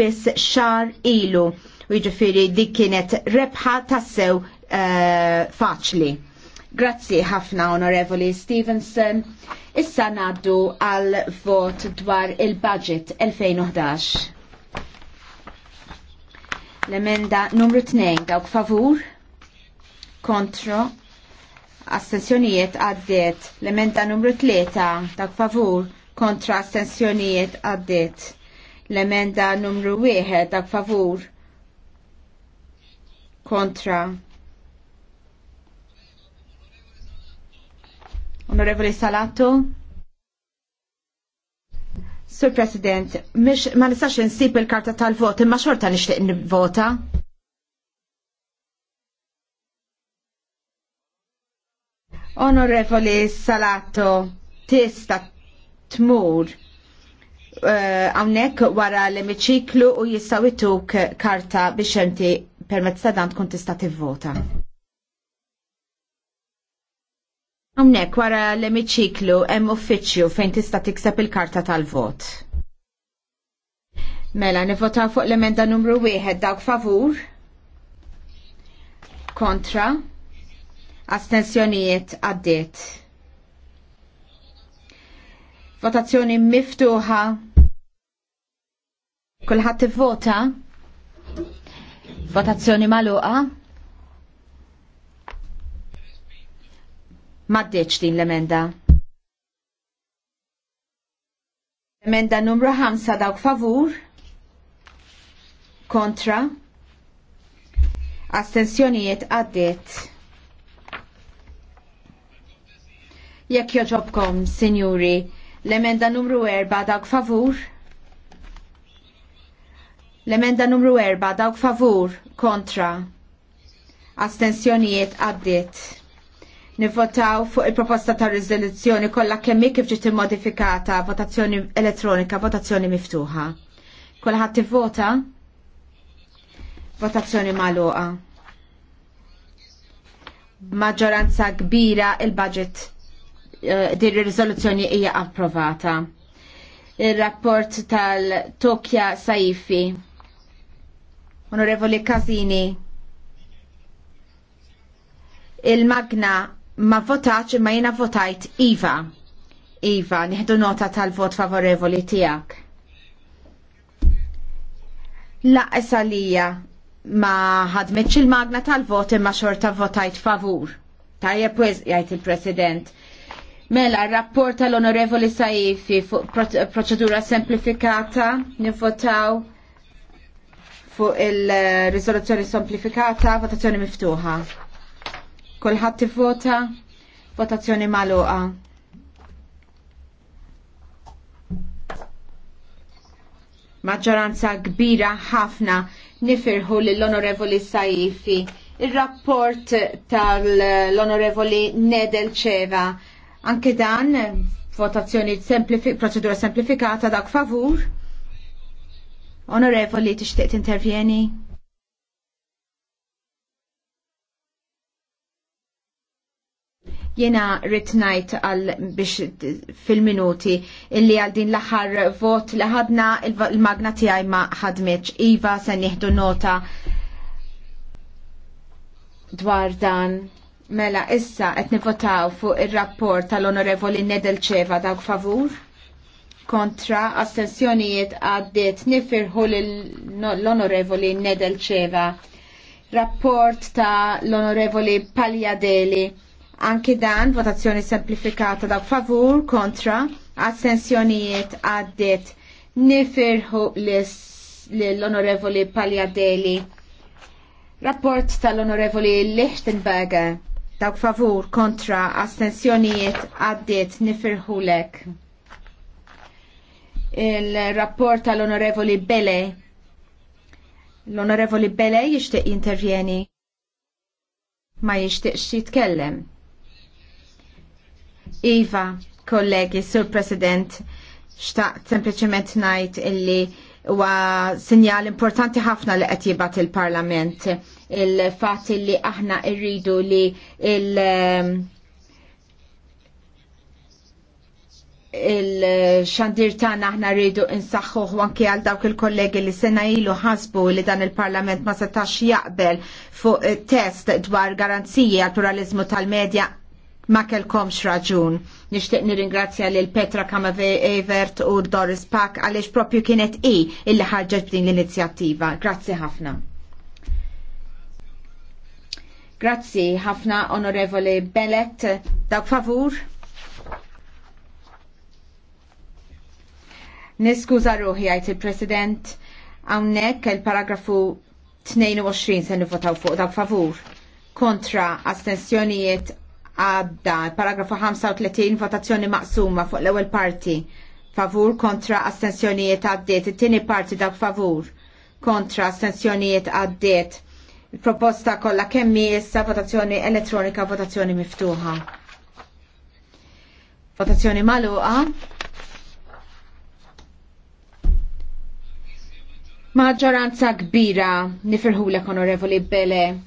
Bis xar ilu. U ġifiri dik kienet rebħa tassew uh, faċli. Grazzi ħafna onorevoli Stevenson. Issa naddu għal vot dwar il-budget 2011. L-emenda numru 2 dawk favur, kontro, astensjonijiet għaddiet. L-emenda numru 3 dawk favur, kontra astensjonijiet għaddiet L-emenda numru 1 dak favur kontra. Onorevoli Salato. Sur President, ma nistax nsib il-karta tal-vot, imma xorta nixtieq nivvota. Onorevoli Salato, tista tmur għawnek eh, wara l-emiċiklu u jistaw karta biex inti permezz ta' dan tkun tista' tivvota. Għawnek wara l-emiċiklu hemm uffiċċju fejn tista' tikseb il-karta tal-vot. Mela, nivvotaw fuq l-emenda numru wieħed dawk favur, kontra, astensjonijiet għaddiet. Votazzjoni miftuħa Kulħadd vota Votazzjoni magħluqa? Maddeċ din l-emenda. Emenda numru 5 dawk favur. Kontra. Astensjonijiet għaddiet. Jekk joġobkom, sinjuri, l-emenda numru 4 dawk favur. L-emenda numru 4 dawk favur kontra astensjonijiet għaddiet. Nivvotaw fuq il-proposta ta' rizoluzzjoni kollha kemm kif ġiet immodifikata votazzjoni elettronika, votazzjoni miftuħa. Kulħadd tivvota? Votazzjoni magħluqa. Maġġoranza kbira il-budget eh, din ir-riżoluzzjoni hija approvata. Il-rapport tal-Tokja Saifi Onorevoli Casini. Il-magna ma votax imma jina votajt Iva. Iva, nieħdu nota tal-vot favorevoli tijak. La esalija ma ħadmetx il-magna tal-vot imma xorta votajt favur. Tajja pwiz, jajt il-President. Mela, rapport tal-Onorevoli Saifi fuq proċedura semplifikata, nivotaw fuq il-rizoluzzjoni semplifikata, votazzjoni miftuħa. Kulħadd vota votazzjoni magħluqa. Maġġoranza kbira ħafna nifirħu lill-Onorevoli Saifi. Il-rapport tal-Onorevoli Nedel Ceva. Anke dan, votazzjoni semplifi, proċedura semplifikata dak favur. Onorevoli, tixtieq tintervjeni? Jena ritnajt għal biex fil-minuti illi għal din l-aħħar vot li ħadna il-magna tiegħi ma ħadmitx. Iva se nieħdu nota dwar dan. Mela, issa qed nivotaw fuq ir-rapport tal-Onorevoli Nedelċeva dawk favur? kontra astensjonijiet għaddit nifirħu l-onorevoli Nedelċeva rapport ta' l-onorevoli Pagliadeli anki dan votazzjoni semplifikata da' favur kontra astensjonijiet għaddit nifirħu l-onorevoli Pagliadeli rapport tal-onorevoli Lichtenberger dawk favur kontra astensjonijiet għaddit nifirħulek il-rapport tal-Onorevoli Bele. L-Onorevoli Bele jixtieq jintervjeni ma jixtieqx jitkellem. Iva, kollegi, Sur President, xtaqt sempliciment najt illi huwa sinjal importanti ħafna li qed jibgħat il-Parlament il fat li aħna rridu li il- il-xandir tagħna aħna rridu insaħħuh wanki għal dawk il-kollegi li sena ilu ħasbu li dan il-Parlament ma setax jaqbel fuq test dwar garanzija għal pluralizmu tal-medja ma kelkomx raġun. Nixtieq nirringrazzja lil Petra Kamave Evert u Doris Pak għaliex propju kienet i illi ħarġet b'din l-inizjattiva. Grazzi ħafna. Grazzi ħafna onorevoli Bellet, dawk favur. Niskuża ruħi għajt il-President għawnek il-paragrafu 22 se nivotaw fuq dak favur kontra astensjonijiet għadda. il Paragrafu 35 votazzjoni maqsuma fuq l-ewwel parti favur kontra astensjonijiet għaddiet. It-tieni parti daw favur kontra astensjonijiet għaddiet. Il-proposta kollha kemmi issa votazzjoni elettronika votazzjoni miftuħa. Votazzjoni maluqa. Maġġoranza kbira l onorevoli Bele.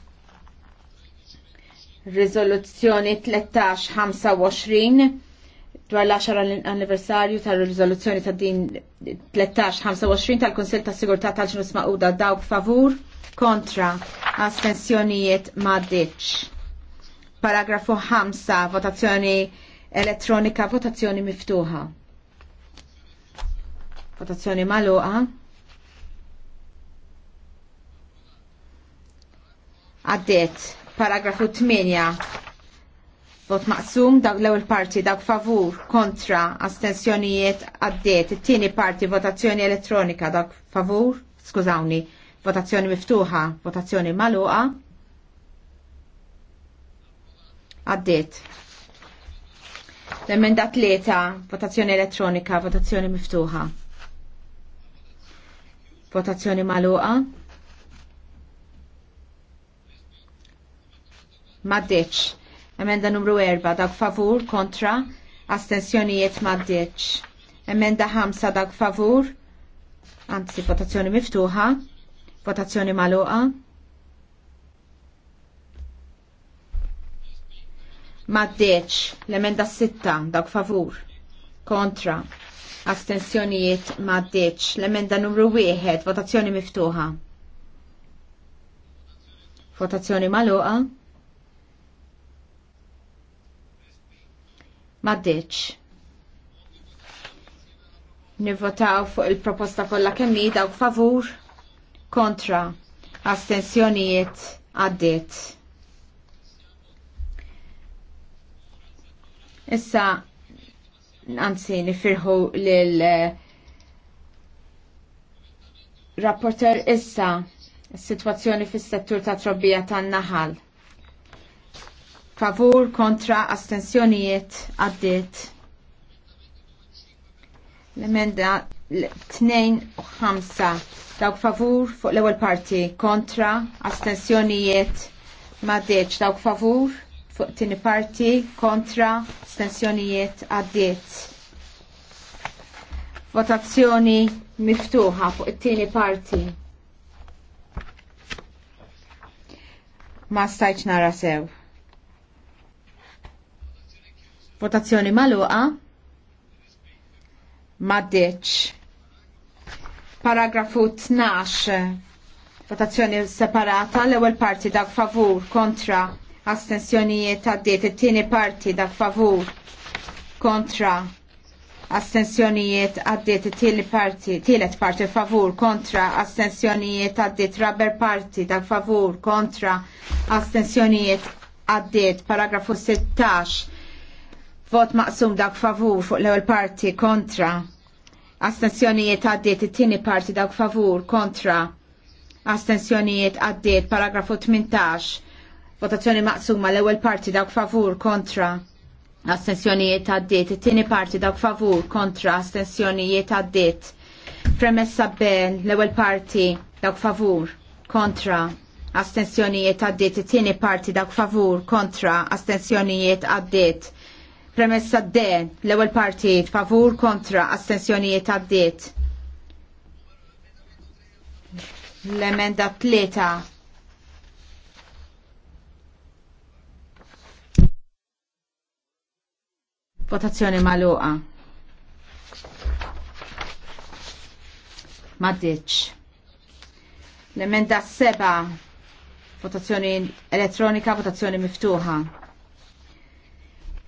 Rizoluzzjoni 13 25, dwar l-10 anniversarju tal-rizoluzzjoni ta' din 13-25 tal-Konsil ta' Sigurtà tal-ġnus Mauda dawk favur kontra astensjonijiet ma' Paragrafu 5, votazzjoni elettronika, votazzjoni miftuħa. Votazzjoni maluqa. għaddiet paragrafu 8 vot maqsum dak l-ewwel parti dak favur kontra astensjonijiet għaddiet it-tieni parti votazzjoni elettronika dak favur skużawni votazzjoni miftuħa votazzjoni magħluqa għaddiet l-emenda tlieta votazzjoni elettronika votazzjoni miftuħa votazzjoni magħluqa maddeċ. Emenda numru 4 dak favur kontra astensjonijiet maddeċ. Emenda 5 dak favur anzi votazzjoni miftuħa, votazzjoni maluqa. Maddeċ l-emenda 6 dak favur kontra astensjonijiet maddeċ l-emenda numru 1 votazzjoni miftuħa. Votazzjoni maluqa. Maddiċ. Nivvotaw fuq il-proposta kollha kemm hi dawk favur kontra astensjonijiet għaddiet. Issa anzi nifirħu lil eh, rapporter issa s-sitwazzjoni fis-settur ta' trobbija tan-naħal favur kontra astensjonijiet għaddit. L-emenda 2-5 dawk favur fuq l-ewwel parti kontra astensjonijiet m'għaddiex dawk favur fuq tini parti kontra astensjonijiet għaddit. Votazzjoni miftuħa fuq it-tieni parti. Ma stajċ nara sew. Votazzjoni maluqa. Maddeċ. Paragrafu 12. Votazzjoni separata. L-ewwel parti dak favur kontra astensjonijiet għaddiet. It-tieni parti dak favur kontra astensjonijiet għaddiet it-tieni parti, tielet parti favur kontra astensjonijiet għaddiet rabber parti dak favur kontra astensjonijiet għaddiet paragrafu 16 Vot maqsum dak favur fuq l-ewwel parti kontra. Astenzjonijiet għaddiet it-tieni parti dak favur kontra. Astenzjonijiet għaddiet paragrafu 18. Votazzjoni maqsuma l-ewwel parti dak favur kontra. Astenzjonijiet għaddiet it-tieni parti dak favur kontra. Astenzjonijiet għaddiet. Premessa B l-ewwel parti dak favur kontra astensjonijiet għaddiet it-tieni parti dak favur kontra astensjonijiet għaddiet Premessa D, l-ewwel partijiet favur kontra astensjonijiet għaddiet. L-emenda tlieta Votazzjoni maluqa. Maddiċ. L-emenda seba. Votazzjoni elettronika, votazzjoni miftuħa.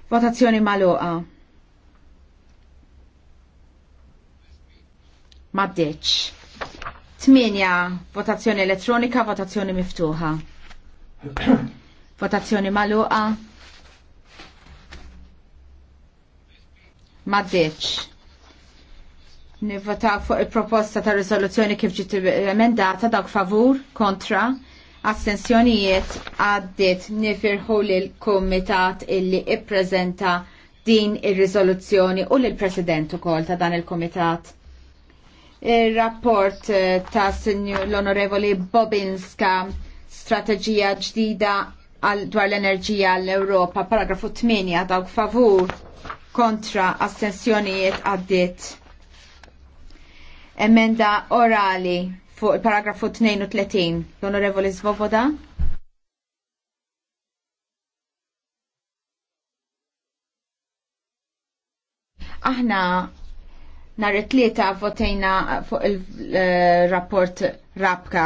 Votazzjoni maluqa. Maddeċ. Tminja, votazzjoni elettronika, votazzjoni miftuħa. votazzjoni maluqa. Maddeċ. Nivvota fuq il-proposta ta' risoluzzjoni kif ġiet emendata dawk favur, kontra, assenzjonijiet għaddit nifirħu l-komitat illi ippreżenta din ir-riżoluzzjoni u l-President ukoll ta' dan il-komitat. Il-rapport eh, ta' l-Onorevoli Bobinska strategija ġdida dwar l-enerġija l-Europa, paragrafu 8, dawk favur kontra assenzjonijiet għaddit. Emenda orali fuq il-paragrafu 32, l-Onorevoli Svoboda. Aħna nhar it-tlieta votejna fuq il-rapport eh, Rabka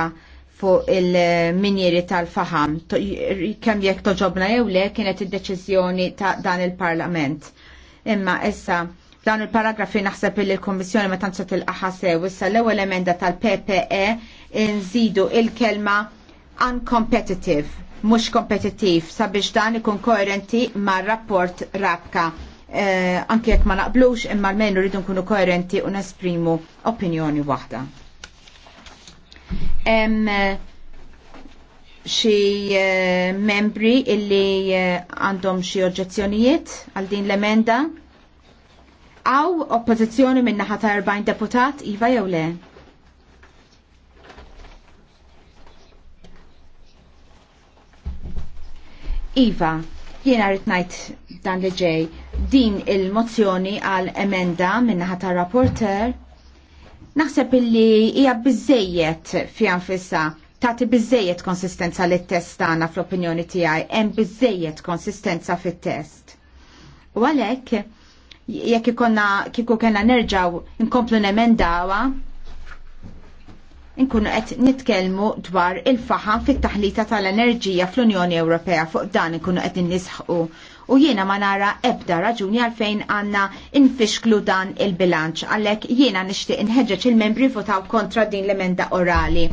fuq il-minjeri tal-faham. Kemm jekk toġobna jew le kienet id-deċiżjoni ta' dan il-Parlament. Imma issa Dan il-paragrafi naħseb li l-Kommissjoni ma tantx tilqaħase issa l-ewwel emenda tal-PPE nżidu il-kelma uncompetitive, mhux kompetittiv sabiex dan ikun koerenti mar-rapport rabka. Eh, anke jekk ma naqblux imma l-mejn rridu nkunu koerenti u nesprimu opinjoni waħda. xi eh, membri illi eh, għandhom xi oġġezzjonijiet għal din l-emenda? Għaw oppożizzjoni minn naħa ta' 40 deputat, iva jew le? Iva, jiena rrit dan li ġej din il-mozzjoni għal emenda minnaħa ta' rapporter. Naħseb illi hija biżejjed fi anfissa tagħti biżejjed konsistenza lit test tagħna fl-opinjoni tiegħi hemm biżejjed konsistenza fit-test. U għalhekk jekk ikonna kieku kellna nerġaw nkomplu nemendawa, nkunu qed nitkellmu dwar il-faħam fit-taħlita tal-enerġija fl-Unjoni Ewropea fuq dan nkunu qed nisħqu u jiena ma nara ebda raġuni għalfejn għanna infixklu dan il-bilanċ għalek jiena nishtiq inħeġġeġ il-membri votaw kontra din l-emenda orali.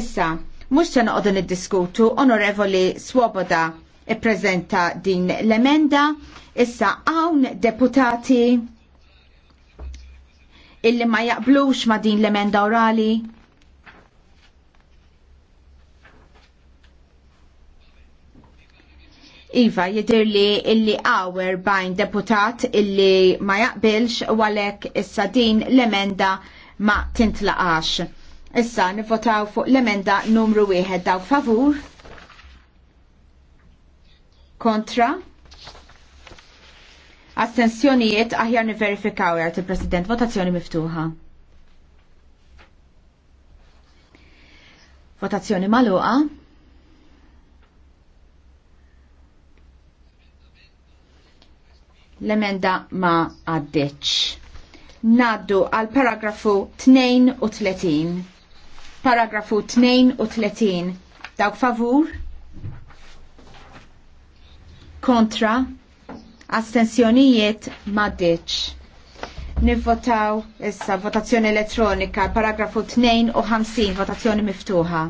Issa, mux se noqogħdu niddiskutu onorevoli Swoboda ippreżenta din l-emenda. Issa hawn deputati illi ma jaqblux ma din l-emenda orali. Iva, jidir li illi għawer bajn deputat illi ma jaqbilx u għalek issa din l-emenda ma tintlaqax. Issa nivotaw fuq l-emenda numru 1 daw favur kontra Astensjonijiet aħjar niverifikaw jgħat il-President. Votazzjoni miftuħa. Votazzjoni maluqa. L-emenda ma għaddeċ. Naddu għal paragrafu 32. Paragrafu 32. Dawk favur? kontra astensjonijiet maddeċ. Nivvotaw issa votazzjoni elettronika paragrafu 50, votazzjoni miftuħa.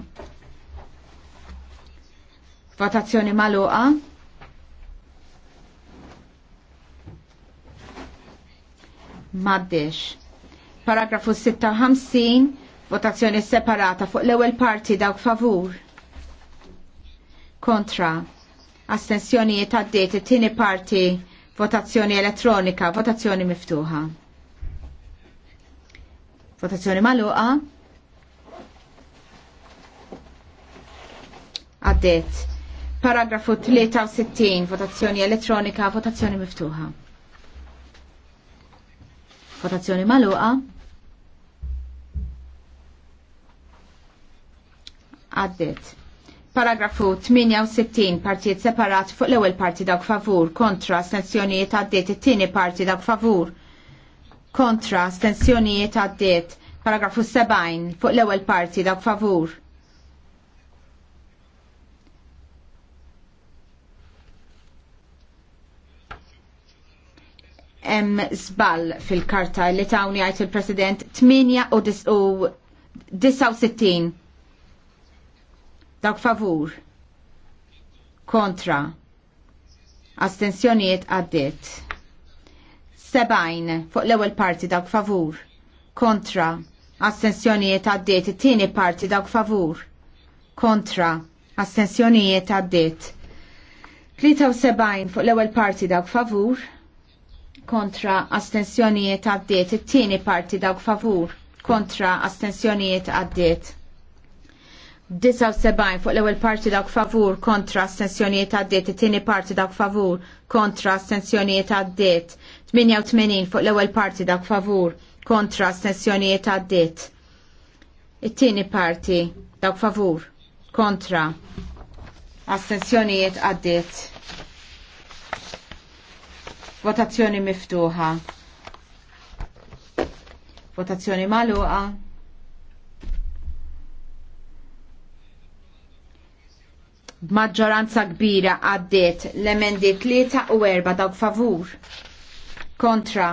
Votazzjoni maluqa. Maddeċ. Paragrafu 56 votazzjoni separata fuq l-ewwel parti dawk favur. Kontra astensjonijiet għaddiet it-tieni parti votazzjoni elettronika, votazzjoni miftuħa. Votazzjoni maluqa. Għaddiet. Paragrafu 63, votazzjoni elettronika, votazzjoni miftuħa. Votazzjoni maluqa. Għaddiet Paragrafu 68 partijiet separat fuq l-ewwel parti dawk favur kontra stenzjonijiet għaddiet it-tieni parti dawk favur kontra stenzjonijiet għaddiet. Paragrafu 70 fuq l-ewwel parti dawk favur. Hemm żball fil-karta li tawni għajt il-President 8 u 69 Dawk favur. Kontra. Astenzjoniet għaddit. Sebajn fuq l-ewwel parti dawk favur. Kontra. Astenzjoniet għaddit. It-tieni parti dawk favur. Kontra. Astenzjoniet għaddit. 73 fuq l-ewwel parti dawk favur. Kontra. astensjonijiet għaddit. It-tieni parti dawk favur. Kontra. astensjonijiet għaddit. 79 fuq l-ewwel parti dawk favur kontra astensjonijiet għaddiet, it-tieni parti dawk favur kontra astensjonijiet għaddiet, 88 fuq l-ewwel parti dawk favur kontra astensjonijiet għaddiet. It-tieni parti dawk favur kontra astensjonijiet għaddiet. Votazzjoni miftuħa. Votazzjoni maluqa. maġġoranza kbira għaddiet l-emendi 3 u 4 dawk favur kontra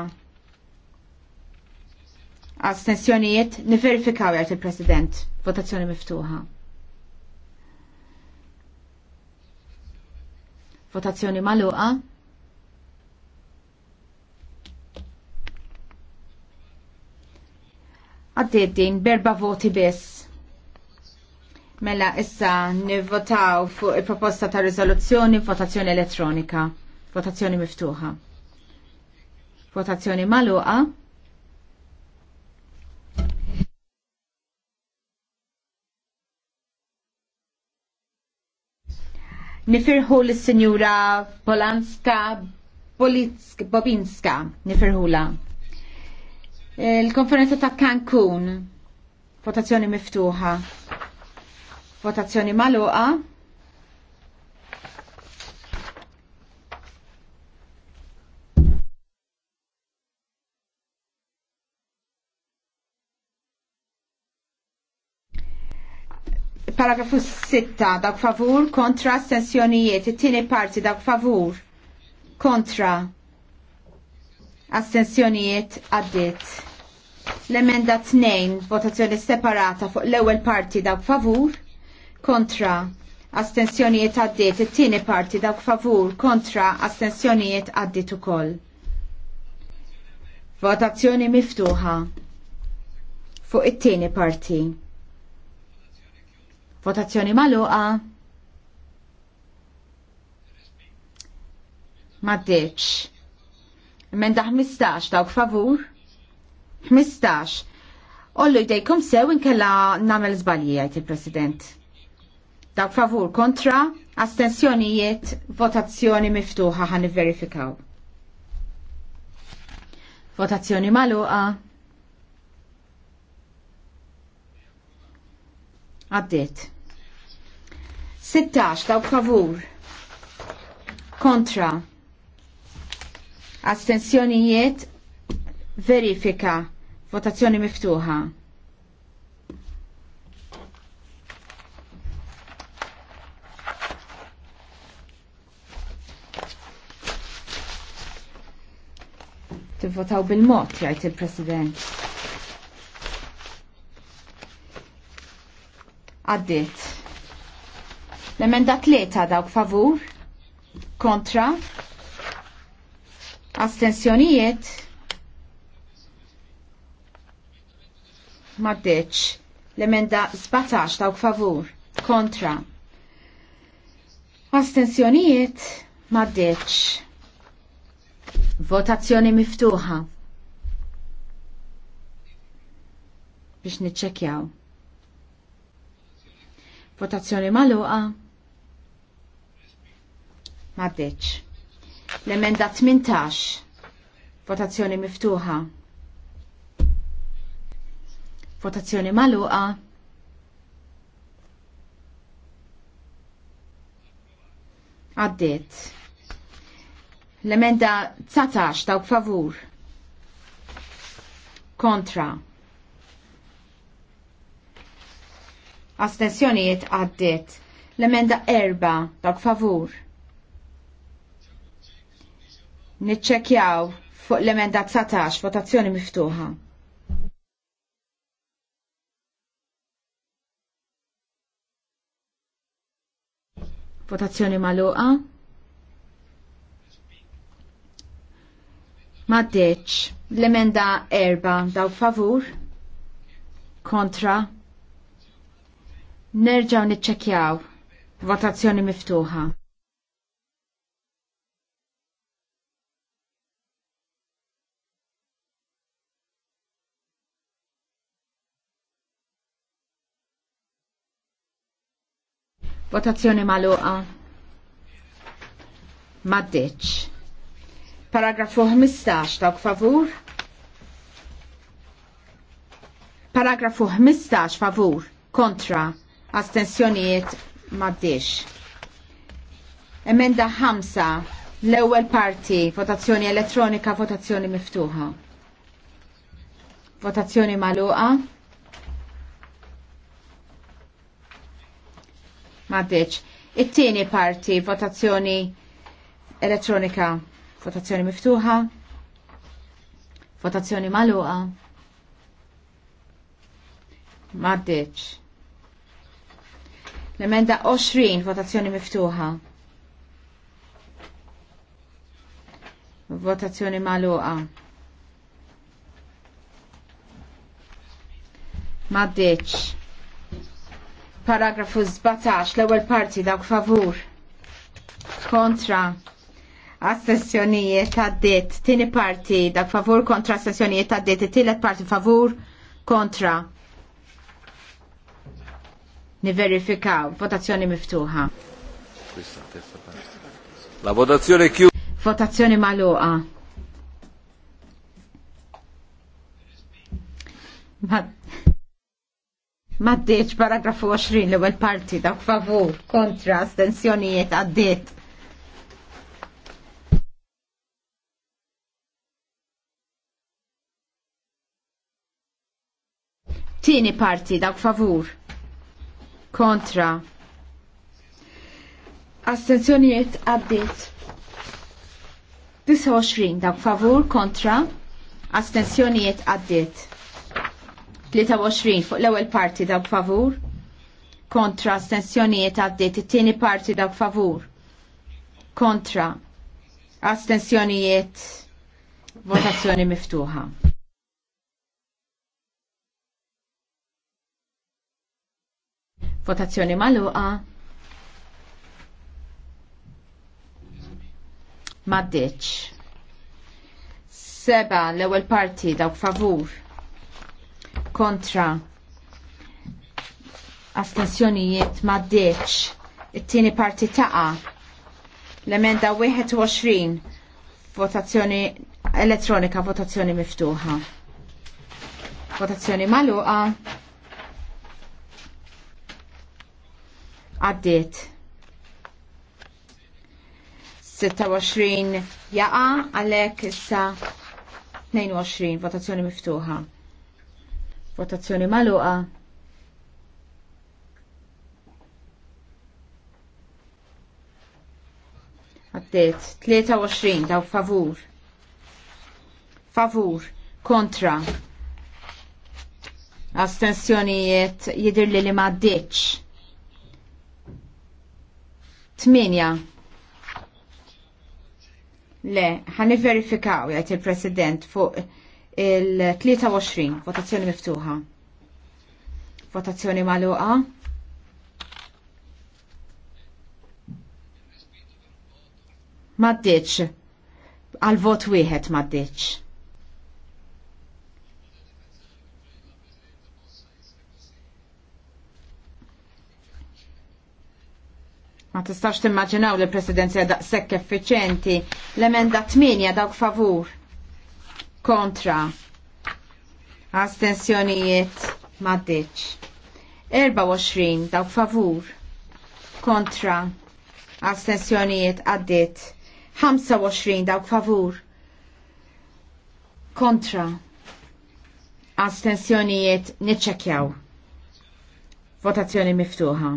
astensjonijiet niverifikaw jgħat il-President votazzjoni miftuħa votazzjoni maluqa għaddiet din berba voti biss Mela issa nivvotaw fuq il-proposta ta' rizoluzzjoni votazzjoni elettronika. Votazzjoni miftuħa. Votazzjoni maluqa. Nifirħu l-Sinjura Polanska Bobinska. Nifirħula. Il-konferenza ta' Cancun. Votazzjoni miftuħa. Votazzjoni maluqa. Paragrafu 6, dak favur, kontra astensjonijiet, it-tieni parti dak favur, kontra astensjonijiet għaddit. L-emenda 2, votazzjoni separata fuq l-ewwel parti dak favur, kontra astensjonijiet għaddiet, it-tieni parti dawk favur kontra astensjonijiet għaddiet ukoll. Votazzjoni miftuħa fuq it-tieni parti. Votazzjoni maluqa. Maddeċ. Menda 15 dawk favur. 15. Ollu jdejkom sew inkella namel zbalji għajt il-President. Dak favur kontra, astensjonijiet, votazzjoni miftuħa ħan verifikaw. Votazzjoni maluqa. Għaddit. 16 dawk favur. Kontra. Astensjonijiet, verifika, votazzjoni miftuħa. votaw bil-mod, jgħid il-President. Għaddit. L-emenda tlieta dawk favur, kontra, astensjonijiet, maddeċ. L-emenda 17 dawk favur, kontra, astensjonijiet, maddeċ. Votazzjoni miftuħa. Biex niċċekjaw. Votazzjoni maluqa. Maddeċ. L-emenda 18. Votazzjoni miftuħa. Votazzjoni maluqa. Għaddiet. L-emenda 19 dawk favur. Kontra. Astensjoniet għaddit. L-emenda 4 dawk favur. Niċċekjaw fuq l-emenda 19 votazzjoni miftuħa. Votazzjoni maluqa. deċ, L-emenda erba daw favur. Kontra. Nerġaw nitċekjaw. Votazzjoni miftuħa. Votazzjoni maluqa. deċ. Paragrafu 15, dawk favur. Paragrafu 15, favur. Kontra. Astensjonijiet maddix. Emenda 5, l-ewwel parti, votazzjoni elettronika, votazzjoni miftuħa. Votazzjoni maluqa. Maddeċ. It-tieni parti, votazzjoni elettronika, Votazzjoni miftuħa. Votazzjoni maluqa. Maddeċ. L-emenda 20, votazzjoni miftuħa. Votazzjoni maluqa. Maddeċ. Paragrafu 17, l-ewwel parti dawk favur. Kontra. Astensjonijiet għaddit. Tini parti dak favur kontra assessjonijiet għaddit. Tillet parti favur kontra. Niverifikaw. Votazzjoni miftuħa. La votazzjoni chiusa. Votazzjoni maluqa. Ma Maddeċ paragrafu 20 l-ewel parti dak favur kontra astensjonijiet għaddit Tieni parti dawk favur. Kontra. Astenzjoniet għaddit. 29 dawk favur kontra. Astenzjoniet għaddit. 23 fuq l-ewwel parti dawk favur. Kontra astenzjoniet għaddit. Tini parti dawk favur. Kontra. Astenzjoniet. Votazzjoni miftuħa. Votazzjoni maluqa. Maddiċ. Seba l-ewwel parti dawk favur. Kontra. Astensjonijiet maddiċ. It-tieni parti taqa. L-emenda 21. Votazzjoni elettronika, votazzjoni miftuħa. Votazzjoni maluqa. għaddiet. 26 jaqa għalek issa 22 votazzjoni miftuħa. Votazzjoni maluqa. Għaddiet 23 daw favur. Favur kontra. Astensjonijiet jidir li li maddiċ. Tminja. Le, ħan verifikaw jgħid il-President fuq il-23 votazzjoni miftuħa. Votazzjoni maluqa. Maddiċ. Għal vot wieħed maddiċ. Ma tistax timmaġinaw li l-presidenza daqshekk effiċenti. L-emenda 8 dawk favur. Kontra. Astensjonijiet maddiċ. 24 dawk favur. Kontra. Astensjonijiet għaddit. 25 dawk favur. Kontra. Astensjonijiet niċċekjaw. Votazzjoni miftuħa.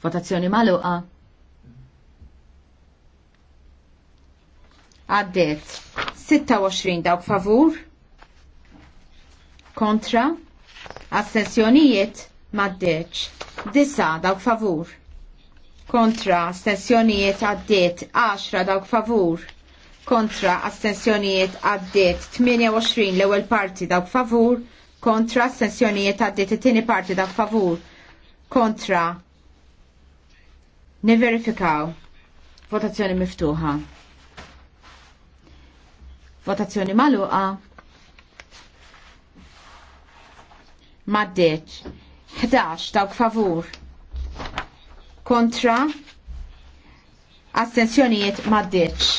Votazzjoni maluqa. Għaddet 26 dawk favur kontra astensjonijiet maddeċ disa dawk favur kontra astensjonijiet għaddet 10 dawk favur kontra astensjonijiet għaddet 28 l-ewwel parti dawk favur, kontra astensjonijiet għaddet it-tieni parti dawk favur, kontra Niverifikaw. Votazzjoni miftuħa. Votazzjoni maluqa. Maddeċ. 11 dawk favur. Kontra. Astenzjonijiet maddeċ.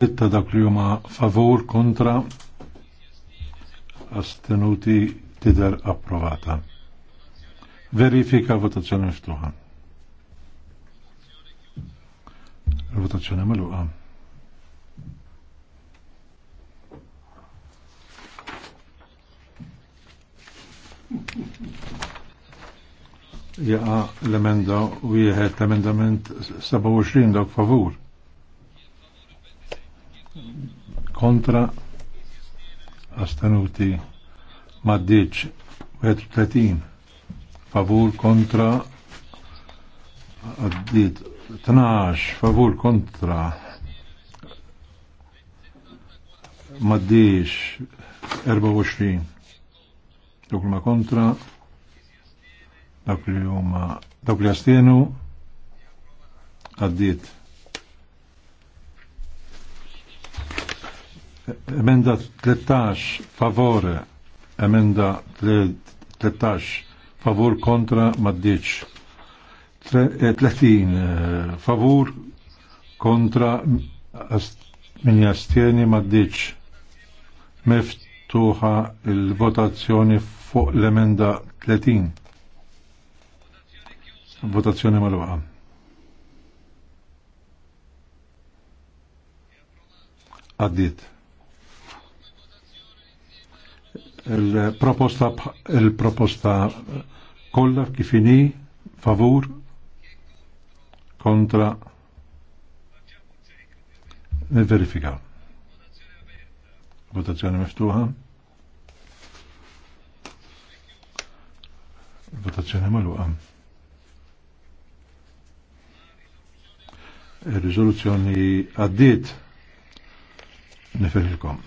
Sitta dawk li huma favur kontra. Astenuti tider approvata. Verifika votazzjoni miftuħa. Votazzjoni maluqa. Jaqa l-emenda u jieħed l-emendament 27 dok favur. Kontra astenuti maddiċ 30 favur kontra għaddit tnax favur kontra maddiex 24 dawk ma kontra dawk li huma dawk li astienu għaddiet. Emenda 13 favore, emenda 13 favur kontra maddiex. 30 eh, eh, favur kontra min jastieni maddiċ meftuħa il-votazzjoni fuq l-emenda 30. Votazzjoni mal-waqa. Għaddit. Il-proposta il-proposta kollha kifini favur kontra Nil-verifika. Votazzjoni miftuħa. Votazzjoni maluqa. Il-rizoluzzjoni għaddit niferilkom.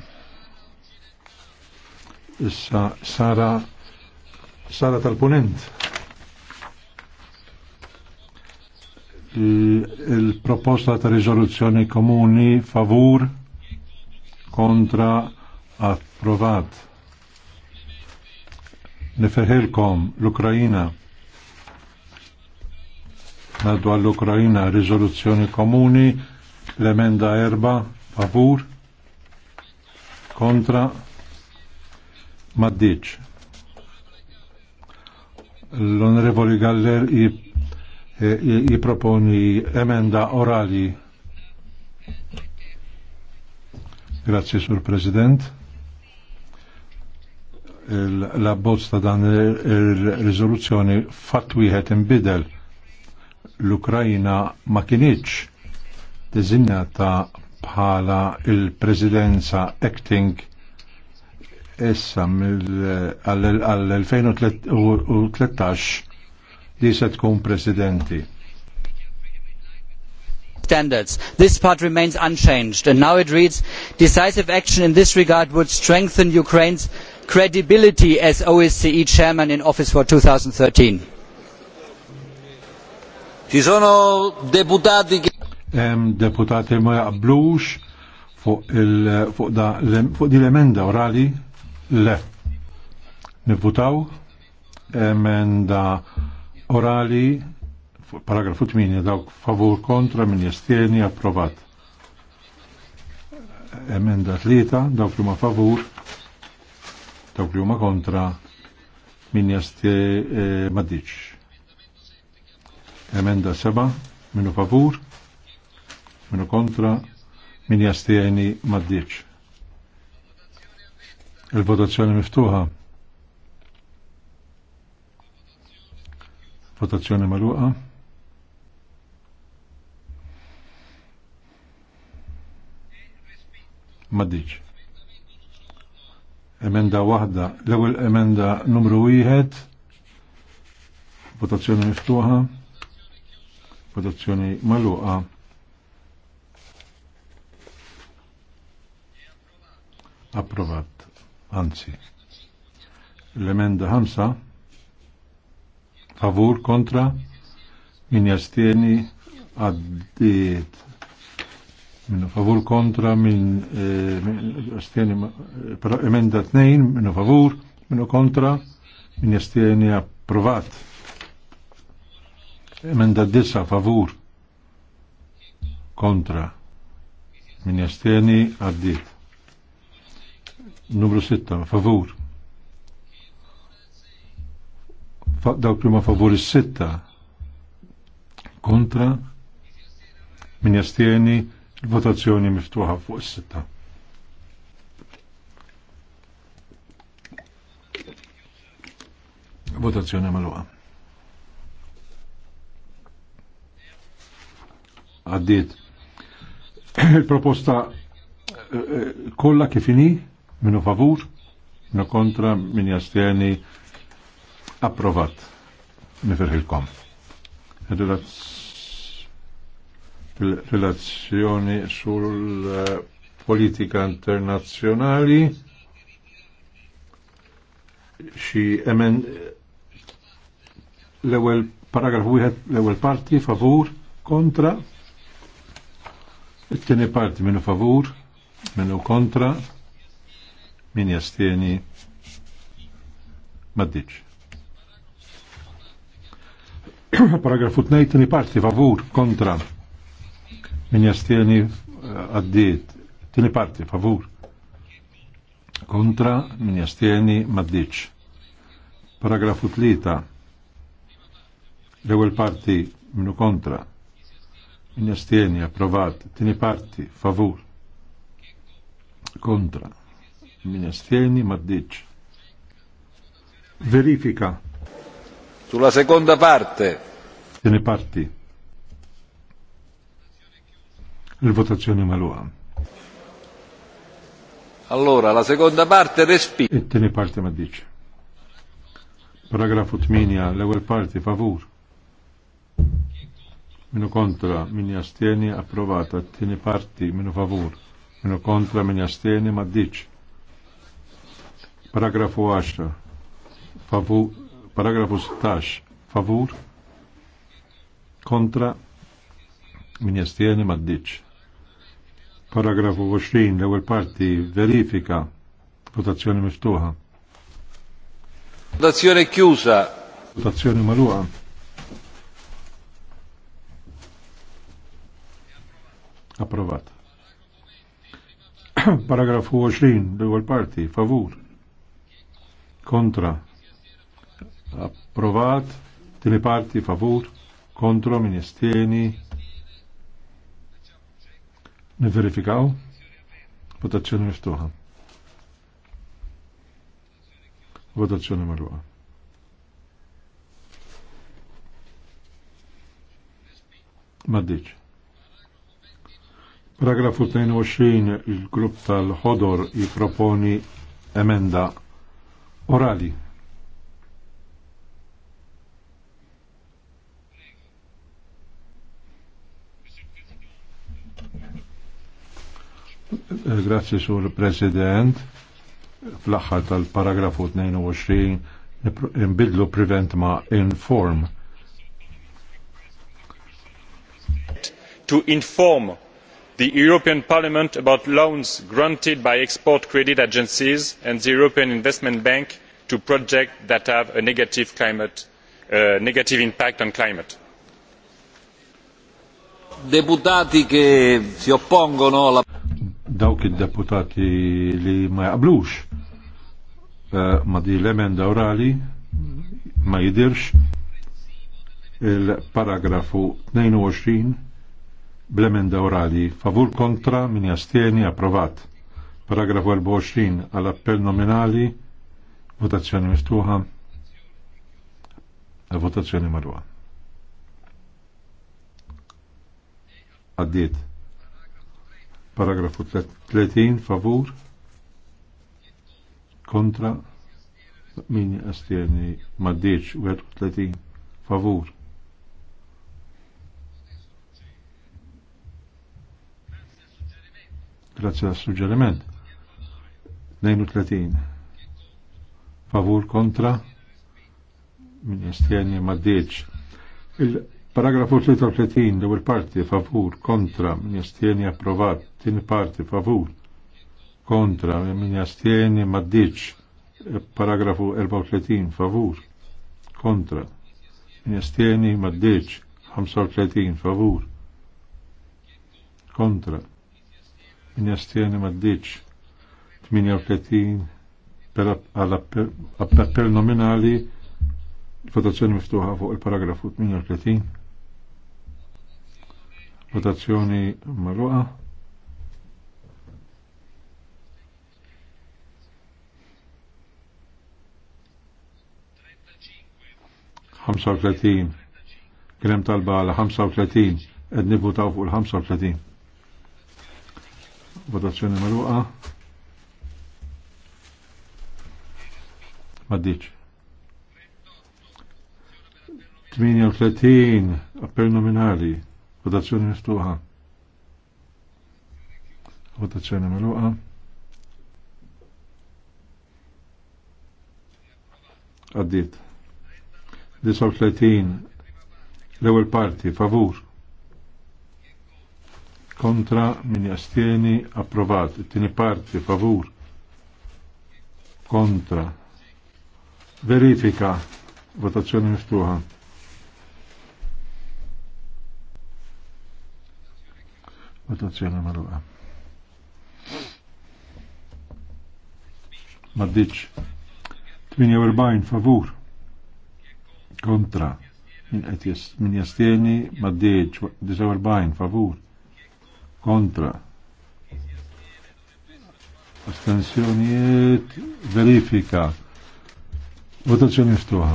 Issa Sara Sara tal-Ponent. il-proposta ta' riżoluzzjoni komuni favur kontra approvat. Nifeħilkom l-Ukrajina. Naddu għall-Ukrajina riżoluzzjoni komuni l-emenda erba favur kontra maddiċ. L-Onorevoli Galler i jiproponi e, emenda orali. Grazie, Sur President. L-abbozz ta' dan il-rizoluzzjoni fatt wieħed imbidel l-Ukrajina ma kienieċ deżinnata bħala il-Presidenza acting issa għall-2013 li se tkun presidenti. Standards. This part remains unchanged and now it reads decisive action in this regard would strengthen Ukraine's credibility as OSCE chairman in office for 2013. Ci sono deputati che... ma jaqblux fuq, di l-emenda orali le. Nivvutaw emenda orali paragrafu 8 dawk favur kontra min jestieni approvat. Emenda 3 dawk li ma favur dawk li huma kontra min jesti eh, maddiċ. Emenda 7 minnu favur minnu kontra min jestieni maddiċ. Il-votazzjoni miftuħa. Votazzjoni magħluqa. Maddiċ. Emenda wahda. l ewel emenda numru wieħed. Votazzjoni miftuħa. Votazzjoni magħluqa. Approvat. Anzi. L-emenda ħamsa favur kontra min jastieni għaddit. Minu favur kontra min eh, jastieni eh, emenda tnejn. minu favur minnu kontra min jastieni approvat emenda 9 favur kontra min jastieni għaddit. numru sitta. favur dawk li ma favori is-sitta kontra min jastieni l-votazzjoni miftuħa fuq is-sitta. Votazzjoni maluqa. Għaddit. Il-proposta eh, eh, kollha kifini? minu favur, minu kontra, min jastieni Approvat. Nifirħilkom. Relazzjoni sul eh, politika internazjonali xi emen l-ewwel paragraf wieħed l-ewwel parti favur kontra it-tieni parti minnu favur minnu kontra min jastieni maddiċ. Paragrafu 2 ni parti favur kontra min jastieni eh, t-ni parti favur kontra min jastieni maddiċ. Paragrafu 3 l parti minu kontra min jastieni approvat. t-ni parti favur kontra min jastieni maddiċ. Verifika Sulla seconda parte. ne parti. Il-votazzjoni maluqa. Allora, la seconda parte respira. E tieni parte ma dice. Paragrafo Tminia, le ewwel parti favur. Meno contra, mini astieni, approvata, tieni parti, meno favore. Meno contra, mini astieni, ma dice. Paragrafo Asha, Favur, Paragrafu 16. Favur. Kontra. Min jastieni maddiċ. Paragrafu 20. L-ewel parti. Verifika. Votazzjoni miftuħa. Votazzjoni chiusa. Votazzjoni maluħa. Approvat. Paragrafu 20, l il parti, favur. Kontra approvat, tili parti favur, kontro Ne jestieni. Votazione votazzjoni miftuħa. Votazzjoni marruqa. Maddiċ. Paragrafu 22, il-grupp tal-ħodor jiproponi emenda orali. Grazie, Sur President. Fl-axħar tal-paragrafu 22 nbidlu prevent ma inform. To inform the European Parliament about loans granted by export credit agencies and the European Investment Bank to projects that have a negative, climate, uh, negative impact on climate deputati che si oppongono alla dawk id-deputati li ma jaqblux eh, ma di l-emenda orali ma jidirx il-paragrafu 22 bl-emenda orali favur kontra min jastieni approvat. Paragrafu 24 għall-appell nominali votazzjoni miftuħa votazzjoni marwa. Għaddiet. Paragrafu 30 favur kontra min astjerni maddiċ 30 favur. Grazie al suggerimento. 32 favur kontra min jastjeni maddiċ. Paragrafu 33, l parti favur kontra min jastieni approvat, tieni parti favur kontra min jastieni maddiċ. E paragrafu 34, favur kontra min jastieni maddiċ. 35, favur kontra min jastieni maddiċ. 38 per appell nominali votazzjoni miftuħa fuq il-paragrafu 38 Votazzjoni marruqa. ħamsa u tletin. Krem talba għala ħamsa u tletin. Ed nivvotaw fuq il-ħamsa u tletin. Votazzjoni marruqa. Maddiċ. 38 appell nominali Votazzjoni miftuħa. Votazzjoni meluqa. Għaddit. 39 l ewel parti favur. Kontra min jastieni approvat. Tini tieni parti favur. Kontra. Verifika. Votazzjoni miftuħa. Votazzjoni marruqa. Maddiċ. 48 favur. Kontra. Min jastieni maddiċ. 49 favur. Kontra. Astensjonijiet verifika. Votazzjoni ftuħa.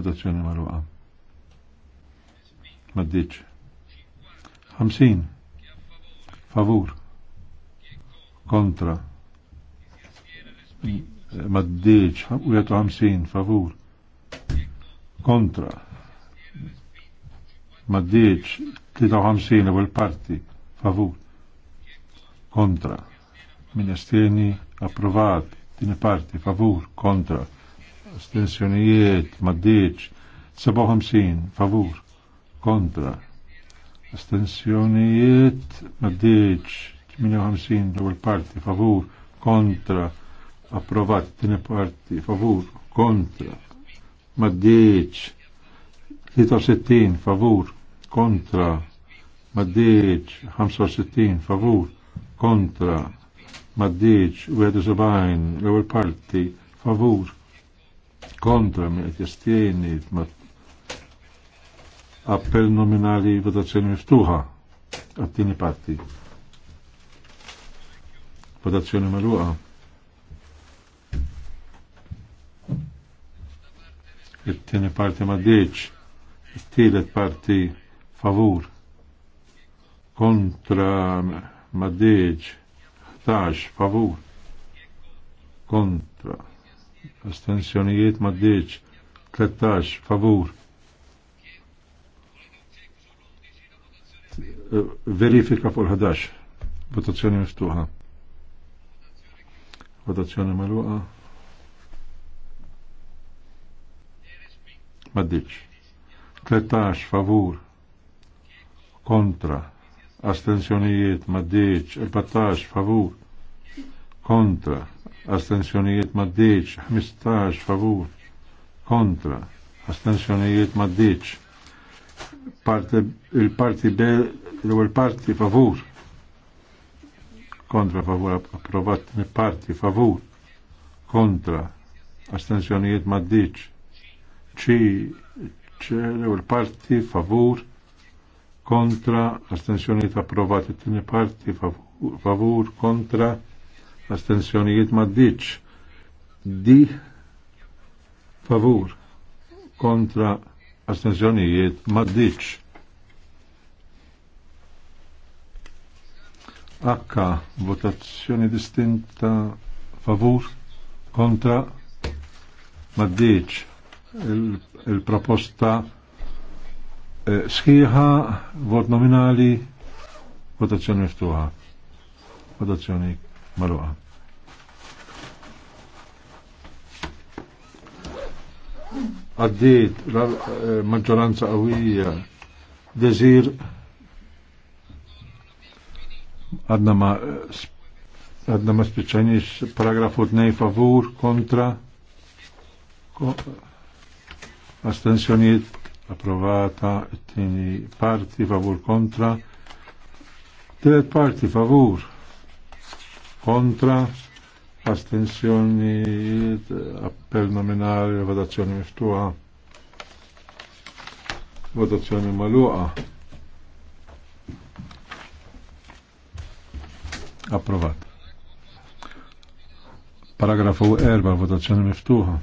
votazzjoni marruqa. Maddiċ. 50. Favur. Kontra. Maddiċ. 50. Favur. Kontra. Maddiċ. 53 l ewel parti. Favur. Kontra. Minestieni. approvati. Tini parti. Favur. Kontra astensjonijiet maddiċ 57 favur kontra astensjonijiet maddiċ 58 l-ewwel parti favur kontra approvat tieni parti favur kontra maddiċ 63 favur kontra maddiċ 65 favur kontra maddiċ 71 l-ewwel parti favur kontra minn qed ma appell nominali votazzjoni miftuħa għat parti. Votazzjoni maluqa it-tieni parti ma deċ, it-tielet parti favur, kontra ma deċ, taċ favur, kontra astensjonijiet ma' d maddiċ 13 favur verifika fuq 11 votazzjoni miftuħa votazzjoni maluqa maddiċ 13 favur kontra astensjonijiet ma' d maddiċ 14 favur kontra astensjonijiet maddiċ, 15 favur kontra, astensjonijiet maddiċ, il-parti bel, l-ewel parti favur kontra favur, approvat parti favur kontra, astensjonijiet maddiċ, ċi, ċe il parti favur kontra, astensjonijiet approvati, il-parti favur, favur kontra, astensjonijiet ma ddiċ di favur kontra astensjonijiet ma ddiċ H votazzjoni distinta favur kontra ma il-proposta il eh, sħiħa vot nominali votazzjoni ftuħa votazzjoni Maruqa. Għaddit eh, maġġoranza għawija, dezir, għadna ma eh, għadna ma paragrafu 2 favur kontra astensjoniet approvata t-tini parti favur kontra tret parti favur kontra, astensjoni, appell nominali, votazzjoni miftuħa, votazzjoni maluqa. Approvat. Paragrafu 4, votazzjoni miftuħa.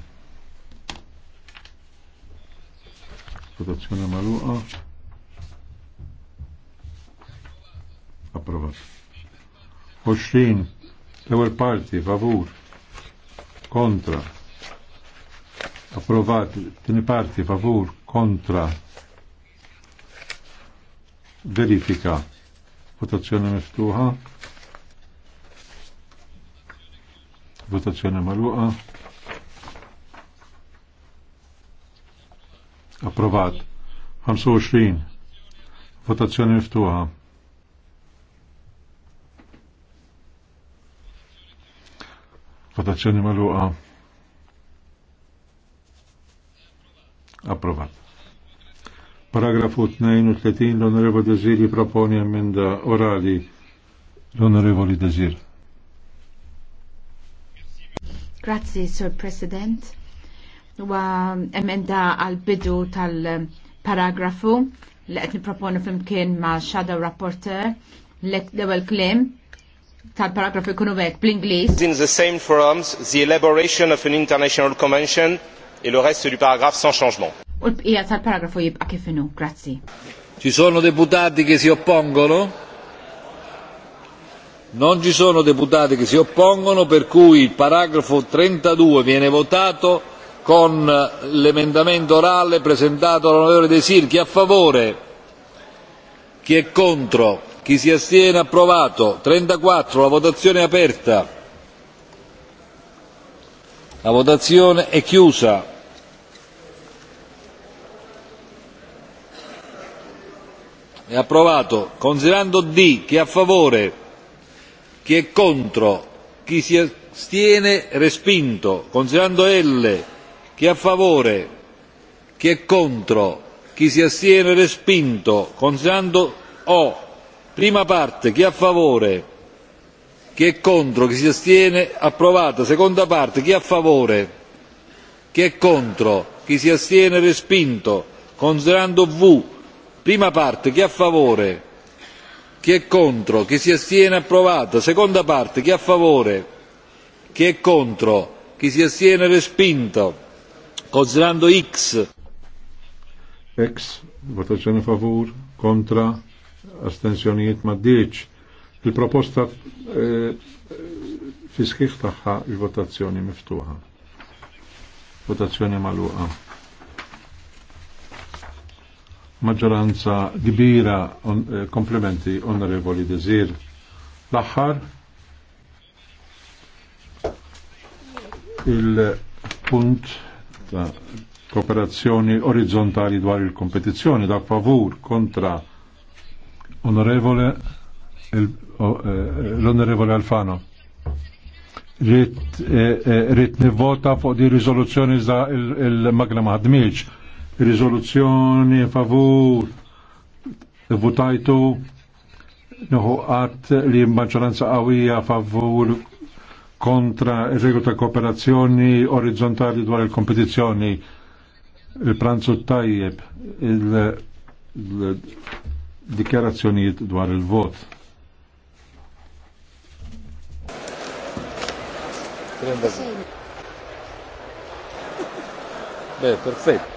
Votazzjoni maluqa. Approvat. 20 L-ewwel parti favur kontra approvat tieni parti favur kontra verifika votazzjoni miftuħa votazzjoni magħluqa approvat 25 votazzjoni miftuħa Votazzjoni maluqa. Approvat. Paragrafu 32 l Desir Desiri proponi emenda orali l-Onorevoli Desir. Grazie, Sir President. Wa emenda għal-bidu tal-paragrafu li qed niproponu fimkien ma' Shadow Rapporteur l-ewwel klim tal-paragrafu jkunu hekk bl-Ingliż. In the same forums, the elaboration of an international convention et le reste du paragraphe sans changement. U l-bqija tal-paragrafu jibqa' kif Grazzi. Ci sono deputati che si oppongono? Non ci sono deputati che si oppongono, per cui il paragrafo 32 viene votato con l'emendamento orale presentato dall'onorevole De Sir. Chi è a favore? Chi è contro? Chi si astiene approvato. 34, la votazione è aperta. La votazione è chiusa. È approvato. Considerando D, chi è a favore, chi è contro, chi si astiene, respinto. Considerando L, chi è a favore, chi è contro, chi si astiene, respinto. Considerando O, Prima parte, chi è a favore? Chi è contro? Chi si astiene? Approvata. Seconda parte, chi è a favore? Chi è contro? Chi si astiene? Respinto. Considerando V. Prima parte, chi è a favore? Chi è contro? Chi si astiene? Approvata. Seconda parte, chi è a favore? Chi è contro? Chi si astiene? Respinto. Considerando X. X, votazione a favore, contra, astensjonijiet ma ddiċ. Il-proposta eh, fiskih taħħa il-votazzjoni miftuħa. Votazzjoni maluqa. Maġġoranza kbira eh, komplimenti onorevoli Dezir. l il-punt ta' kooperazzjoni orizzontali dwar il-kompetizzjoni da' favur kontra Onorevole eh, l-Onorevole Alfano. Rrit eh, eh, nivvota fuq di rizoluzzjoni za il-Magna Maħadmiġ. Rizoluzzjoni favur votajtu nħu għat li maġġoranza għawija favur kontra il-regol ta' kooperazzjoni orizzontali dwar il competizioni. il-pranzu tajjeb il dikjarazzjonijiet dwar il-vot. Beh, perfetto.